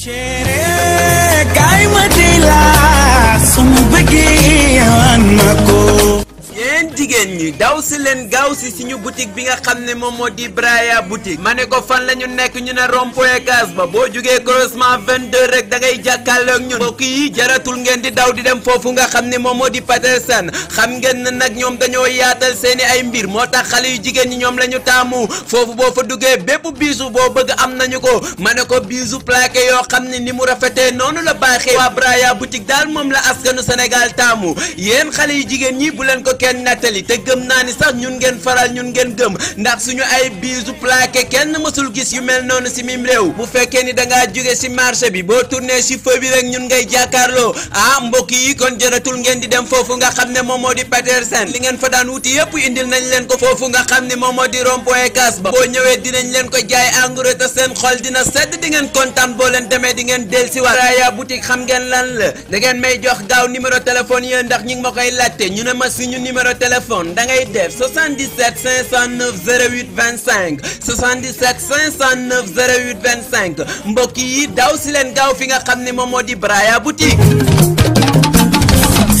शेरे काय मजेला सुन बगे jigéen ñi daw si leen gaaw si suñu boutique bi nga xam ne moom moo di Braya boutique ma ne ko fan la nekk ñu ne rond-point Case ba boo jugee croisement 22 rek da ngay jàkkaarloog ñun mbokk yi jaratul ngeen di daw di dem foofu nga xam ne moom moo di Petersen xam ngeen ne nag ñoom dañoo yaatal seeni ay mbir moo tax xale yu jigéen ñi ñoom la ñu taamu foofu boo fa duggee bépp biisu boo bëgg am nañu ko ma ne ko biisu plaqué yoo xam ne ni mu rafetee noonu la baaxee waa Braya boutique daal moom la askanu Sénégal taamu yéen yi te gëm naa ni sax ñun ngeen faral ñun ngeen gëm ndax suñu ay bisu plaqué kenn mësul gis yu mel noonu si mim réew bu fekkee ni da ngaa jóge si marché bi boo tourné si feu bi rek ñun ngay jàkkaarloo ah mbokk yi kon jaratul ngeen di dem foofu nga xam ne moom moo di Petersen li ngeen fa daan wuti yëpp indil nañ leen ko foofu nga xam ne moom moo di rond-point Kaas ba boo ñëwee dinañ leen ko jaay engrais te seen xol dina sedd di ngeen kontaan boo leen demee di ngeen del si waat Raya boutique xam ngeen la da ngeen may jox gaaw numéro téléphone yéen ndax ñi ma koy laajte ñu ne ma suñu numéro téléphone da ngay def 77 509 08 25 77 509 08 25 mbokk yi daw si leen gaaw fi nga xam ne moom moo di Braya boutique.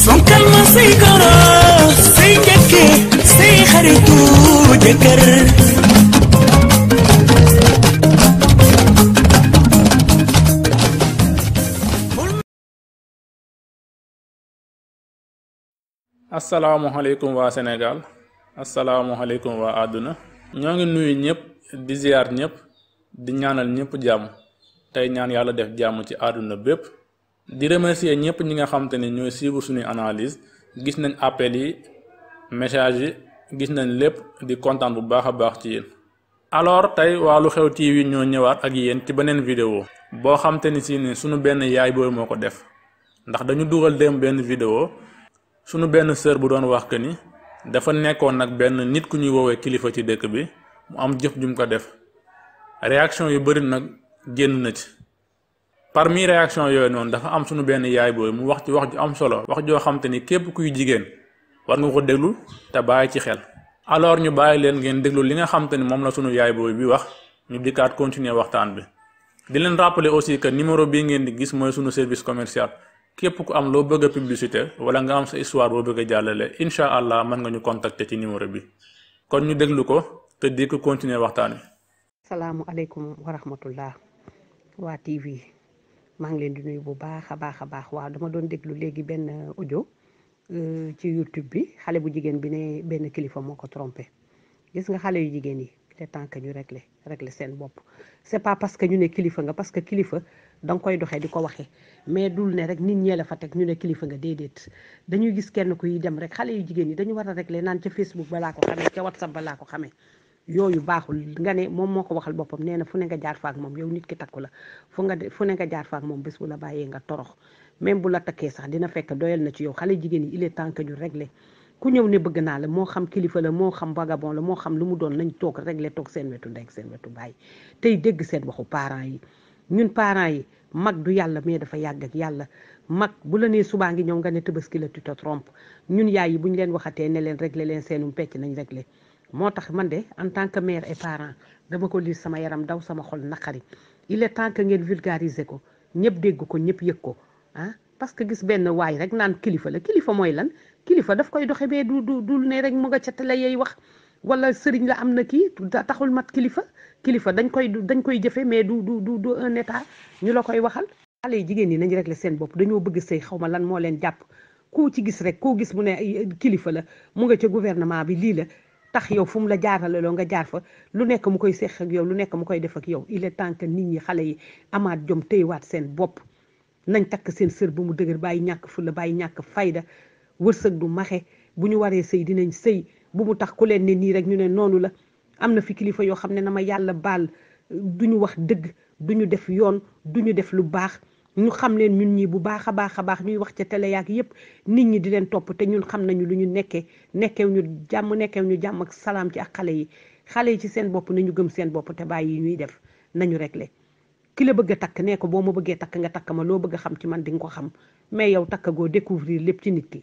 fonkal ma say goro say njëkke say xaritu jëkkër. asalaamualeykum waa Sénégal asalaamualeykum waa àdduna ñoo ngi nuyu ñëpp di ziar ñëpp di ñaanal ñëpp jàmm tey ñaan yàlla def jàmm ci àdduna bépp di remercier ñëpp ñi nga xam ni ne ñooy suivre suñuy analyse gis nañ appel yi message yi gis nañ lépp di kontaan bu baax a baax ci yéen alors tey waa Lu Xew TV ñoo ñëwaat ak yéen ci beneen vidéo boo xam ni si ni suñu benn yaay boobu moo ko def ndax dañu dugal dem benn vidéo sunu benn sœur bu doon wax que ni dafa nekkoon nag benn nit ku ñuy woowee kilifa ci dëkk bi mu am jëf jum ko def réaction yu bëri nag génn na ci parmi réaction yooyu noonu dafa am sunu benn yaay boobu mu wax ci wax ju am solo wax joo xam ni képp kuy jigéen war nga ko déglu te bàyyi ci xel alors ñu bàyyi leen ngeen déglu li nga xam ni moom la sunu yaay boobu bi wax ñu dikkaat continuer waxtaan bi di leen rappeler aussi que numéro bii ngeen di gis mooy sunu service commercial képp ku am loo bëgg a publicité wala nga am sa histoire boo bëgg a jàllale incha allah mën nga ñu contacter ci numéro bi kon ñu déglu ko te di ko continuer waxtaan wi. salaamualeykum wa rahmatullah waa TV maa ngi leen di nuyu bu baax a baax a baax waa dama doon déglu léegi benn audio euh, ci YouTube bi xale bu jigéen bi ne benn kilifa moo ko trompé gis nga xale yu jigéen yi le temps que ñu réglé réglé seen bopp c'est pas parce que ñu ne kilifa nga parce que kilifa. da koy doxee di ko waxee mais dul ne rek nit ñee la fa teg ñu ne kilifa nga déedéet dañuy gis kenn kuy dem rek xale yu jigéen ñi dañu waral rek le naan ca Facebook balaa ko xamee ca WhatsApp balaa ko xamee yooyu baaxul nga ne moom moo ko waxal boppam nee na fu ne nga jaar faak moom yow nit ki takku la fu nga ne nga jaar moom bés bu bàyyee nga torox même bu la takkee sax dina fekk doyal na ci yow xale jigéen yi il est temps que ñu réglé ku ñëw ne bëgg naa la moo xam kilifa la moo xam vagabond la moo xam lu mu doon nañ toog réglé toog seen wetu ndey ak seen wetu bàyyi tey dégg seen waxu parents yi ñun parents yi mag du yàlla mais dafa yàgg ak yàlla mag bu la nee subaa ngi ñëw nga ne tabaski la tu te trompes ñun yaay yi bu ñu leen waxatee ne leen régler leen seenum pecc nañ régler moo tax man de en tant que mère et parent dama ko liir sama yaram daw sama xol naqari il tant que ngeen vulgariser ko ñëpp dégg ko ñëpp yëg ko ah parce que gis benn waay rek naan kilifa la kilifa mooy lan kilifa daf koy doxe bee du du dul ne rek mu nga ca la yey wax wala sëriñ la am na kii taxul mat kilifa kilifa dañ koy dañ koy jëfe mais du du du du un ñu la koy waxal xale yi jigéen ñi nañ régler seen bopp dañoo bëgg sëy xaw lan moo leen jàpp ku ci gis rek koo gis mu ne kilifa la mu nga ca bi lii la tax yow fu mu la jaarale nga jaar fa lu nekk mu koy seex ak yow lu nekk mu koy def ak yow il est nit ñi xale yi amaat jom téyewaat seen bopp nañ takk seen sër bu mu dëgër bàyyi ñàkk fulla bàyyi ñàkk fayda wërsëg du maxe bu ñu waree sëy dinañ sëy bu mu tax ku leen ne nii rek ñu ne noonu la am na fi kilifa yoo xam ne na ma yàlla baal du ñu wax dëgg du ñu def yoon du ñu def lu baax ñu xam leen ñun ñii bu baax a baax a baax ñuy wax ca tele yaak yépp nit ñi di leen topp te ñun xam nañu lu ñu nekkee nekkeew ñu jàmm nekkeew ñu jàmm ak salaam ci ak xale yi xale yi ci seen bopp nañu gëm seen bopp te bàyyi yi ñuy def nañu réglé ki la bëgg a takk nee ko boo ma bëggee takk nga takk ma loo bëgg a xam ci man di nga ko xam mais yow takk goo lépp ci nit ki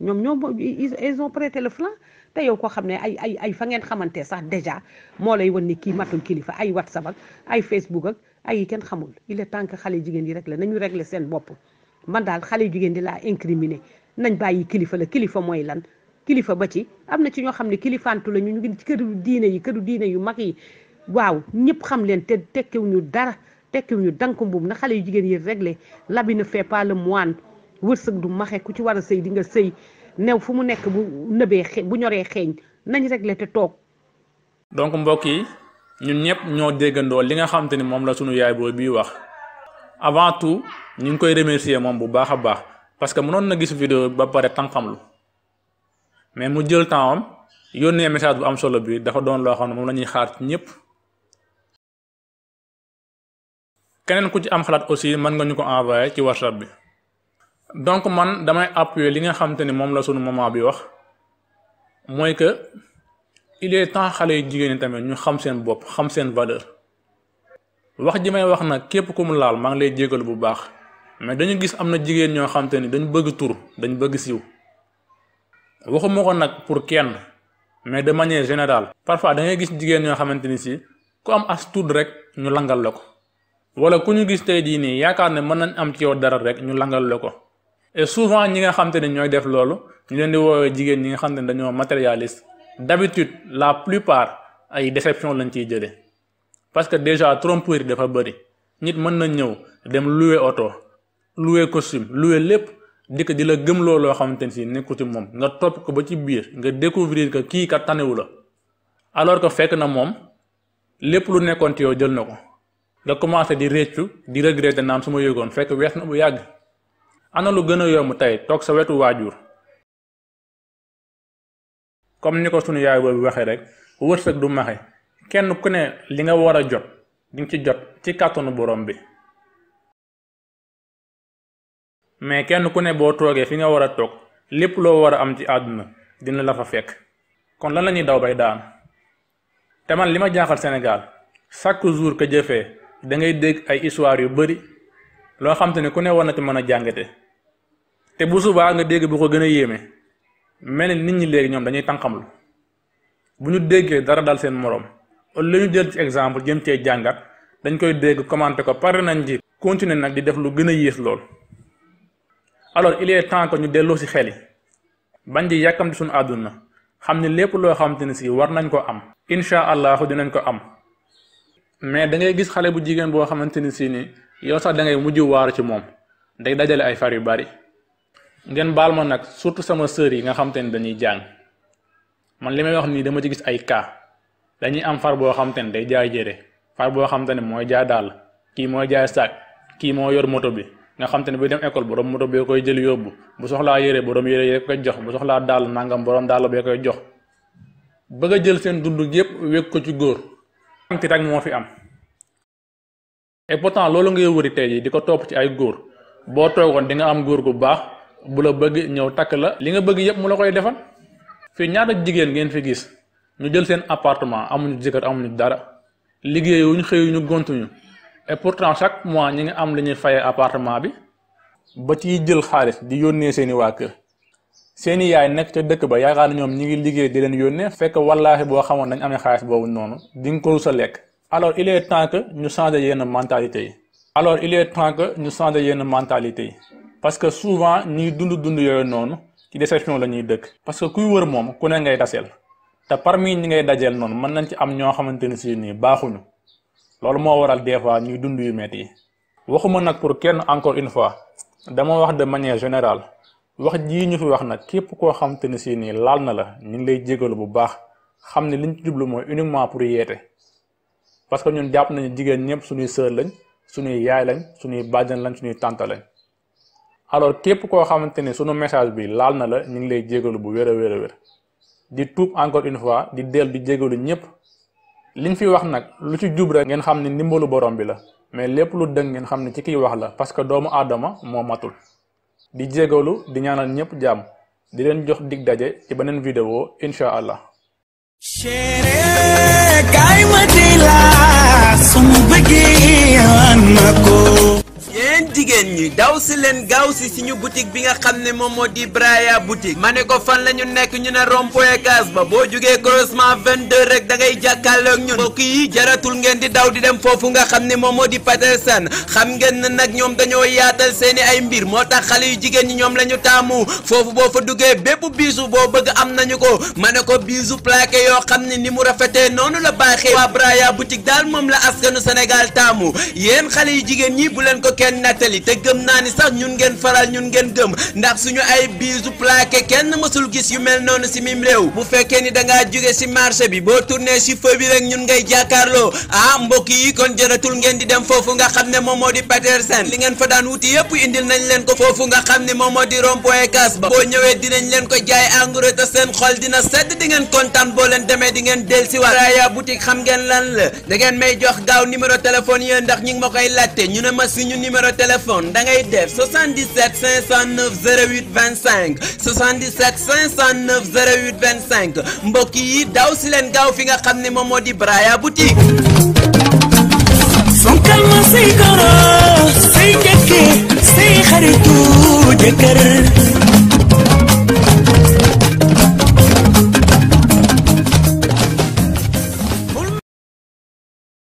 ñoom ñoom ils ont prêté le flanc koo xam ne ay ay ay fa ngeen xamante sax déjà moo lay wan ni kii matul kilifa ay whatsapp ak ay facebook ak ay kenn xamul il tànk temps que xale jigéen yi rek la nañu régler seen bopp man daal xale jigéen di laa incriminer nañ bàyyi kilifa la kilifa mooy lan kilifa ba ci am na ci ñoo xam ne kilifaantu la ñu ñu ngi ci këru diine yi këru diine yu mag yi waaw ñëpp xam leen te tekkiw ñu dara tekkiw ñu dank mbuum na xale yu jigéen yi réglé l'habit ne fait par le moine wërsëg du maxe ku ci war a sëy di nga sëy new fu mu nekk bu nëbee bu ñoree xeeñ nañ réglé te toog. donc mbokk yi ñun ñëpp ñoo déggandoo li nga xam ni moom la sunu yaay booy biy wax avant tout ñu ngi koy remercier moom bu baax a baax parce que mënoon na gis vidéo ba pare tànqamlu mais mu jël temps am yónnee message bu am solo bi dafa doon loo xam ne moom la ñuy xaar ci ñëpp. keneen ku ci am xalaat aussi mën nga ñu ko envoyé ci whatsapp bi. donc man damay appuyer li nga xam ni moom la sunu moment bi wax mooy que il est temps xale yu jigéen ñi tamit ñu xam seen bopp xam seen valeur wax ji may wax na képp ku mu laal maa ngi lay jégal bu baax mais dañu gis am na jigéen ñoo xam ni dañu bëgg tur dañu bëgg siiw waxuma ko nag pour kenn mais de manière général parfois da ngay gis jigéen ñoo xamante ni si ku am as tudd rek ñu langal la ko wala ku ñu gis tey jii nii yaakaar ne mën nañ am ci yow dara rek ñu langal la ko. et souvent ñi nga xam te ne ñooy def loolu ñu leen di woowee jigéen ñi nga xam te ne dañoo matérialiste d'habitude la plupart ay déception lañ ciy jëlee parce que déjà tromperie dafa bëri nit mën na ñëw dem louer oto louer costume louer lépp dikk di la gëm loo xamante ne si nekkuti moom nga topp ko ba ci biir nga découvrir que kii kat tanewu la alors que fekk na moom lépp lu nekkoon ci yow jël na ko nga commencé di réccu di de naan su ma yëgoon fekk wees na bu yàgg. ana lu gën a yomb tey toog sa wetu waajur comme ni ko sunu yaay boobu waxee rek wërsëg du maxe kenn ku ne li nga war a jot dinga ci jot ci kàttanu borom bi mais kenn ku ne boo toogee fi nga war a toog lépp loo war a am ci àdduna dina la fa fekk kon lan lañuy daw bay daan te man li ma jaaxal senegal chaque jour que jëfee da ngay dégg ay histoire yu bari loo xamte te ne ku ne war na ci mën a jàngate te bu subaa nga dégg bu ko gën a yéeme mel ni nit ñi léegi ñoom dañuy tànqamlu bu ñu déggee dara dal seen morom la ñu jël ci exemple jëm cee jàngat dañ koy dégg commenté ko pare nañ ji continuer nag di def lu gën a yées lool alors il est temps que ñu delloo ci xel yi bañ ji yàkkamti suñu àdduna xam ne lépp loo xamante ne si war nañ ko am incha allahu dinañ ko am mais dangay gis xale bu jigéen boo xamante ni si yow sax da ngay mujj waaru ci moom day dajale ay far yu bari ngeen baal ma nag surtout sama sœur yi nga xam ni dañuy jàng man li may wax nii dama ci gis ay kaa dañuy am far boo xam te ne day jaay jére far boo xam ne mooy jaay dàll kii mooy jaay saak kii moo yor moto bi nga xam te ne buy dem école borom moto bee koy jël yóbbu bu soxlaa yére borom yére yee koy jox bu soxlaa dàll nangam borom dàll bee koy jox bëgg a jël seen dund yépp wékk ko ci góor. ti tak moo fi am. et pourtant loolu ngay wëri tey yi di ko topp ci ay góor boo toogoon di nga am góor gu baax. bu la bëgg ñëw takk la li nga bëgg yëpp mu la koy defal fii ñaata jigéen ngeen fi gis ñu jël seen appartement amuñu jëkkër amuñu dara liggéeyuñu ñu gontuñu et pourtant chaque mois ñi nga am li ñuy fayee appartement bi ba ciy jël xaalis di yónnee seeni waa kër seeni yaay nekk ca dëkk ba yaakaar na ñoom ñi ngi liggéey di leen yónnee fekk wallaahi boo xamoon nañ amee xaalis boobu noonu di nga ko sa lekk alors il est temps que ñu changer yenn mentalité yi alors il est ñu changer yenn mentalité yi parce que souvent ñuy dund dund yooyu noonu ci déception la ñuy dëkk parce que kuy wër moom ku ne ngay taseel te parmi ñi ngay dajeel noonu mën nañ ci am ñoo xamante ne si nii baaxuñu loolu moo waral des fois ñuy dund yu metti yi waxuma nag pour kenn encore une fois dama wax de manière générale wax jii ñu fi wax nag képp koo xamante ne si nii laal na la ñu ngi lay jégalu bu baax xam ne liñ ci jublu mooy uniquement pour yeete parce que ñun jàpp nañu jigéen ñëpp suñuy sœur lañ suñuy yaay lañ suñuy bàjjan lañ suñuy tante alors képp koo xamante ne sunu message bi laal na la ñu ngi lay jégalu bu wér a wér a wér di tuub encore une fois di dellu di jégalu ñëpp liñ fi wax nag lu ci jub ngeen xam ne ndimbalu boroom bi la mais lépp lu dëng ngeen xam ne ci kiy wax la parce que doomu aadama moo matul di jégalu di ñaanal ñëpp jàmm di leen jox dig daje ci beneen vidéo incha allah. yéen jigéen ñi daw si leen gaaw si suñu boutique bi nga xam ne moom moo di Braya boutique ma ne ko fan la ñu nekk ñu ne rond-point gaz ba boo jugee croisement 22 rek da ngay jàkkaarloog ñun mbokk yi jaratul ngeen di daw di dem foofu nga xam ne moom moo di Petersen xam ngeen ne nag ñoom dañoo yaatal seeni ay mbir moo tax xale yu jigéen ñi ñoom la ñu taamu foofu boo fa duggee bépp biisu boo bëgg am nañu ko ma ne ko biisu plaqué yoo xam ne ni mu rafetee noonu la baaxee waa Braya boutique daal moom la askanu Sénégal taamu yéen nettali te gëm naa ni sax ñun ngeen faral ñun ngeen gëm ndax suñu ay biisu plaqué kenn mësul gis yu mel noonu si mim réew bu fekkee ni da jóge si marché bi boo tourné si feu bi rek ñun ngay jàkkaarloo ah mbokk yi kon jëratul ngeen di dem foofu nga xam ne moom moo di Petersen li ngeen fa daan wuti yëpp indil nañ leen ko foofu nga xam ne moom moo di rond-point Case boo ñëwee dinañ leen ko jaay engrais te seen xol dina sedd di ngeen kontaan boo leen demee di ngeen del si waat Raya boutique xam ngeen lan da ngeen may jox gaaw numéro téléphone yéen ndax ñi ngi koy laajte ñu ne ma suñu numéro téléphone da ngay def 77 509 08 25 77 509 08 25 mbokk yi daw si leen gaaw fi nga xam ne moom moo di Braya boutique. fonkal ma say goro say njëkke say xaritu jëkkër.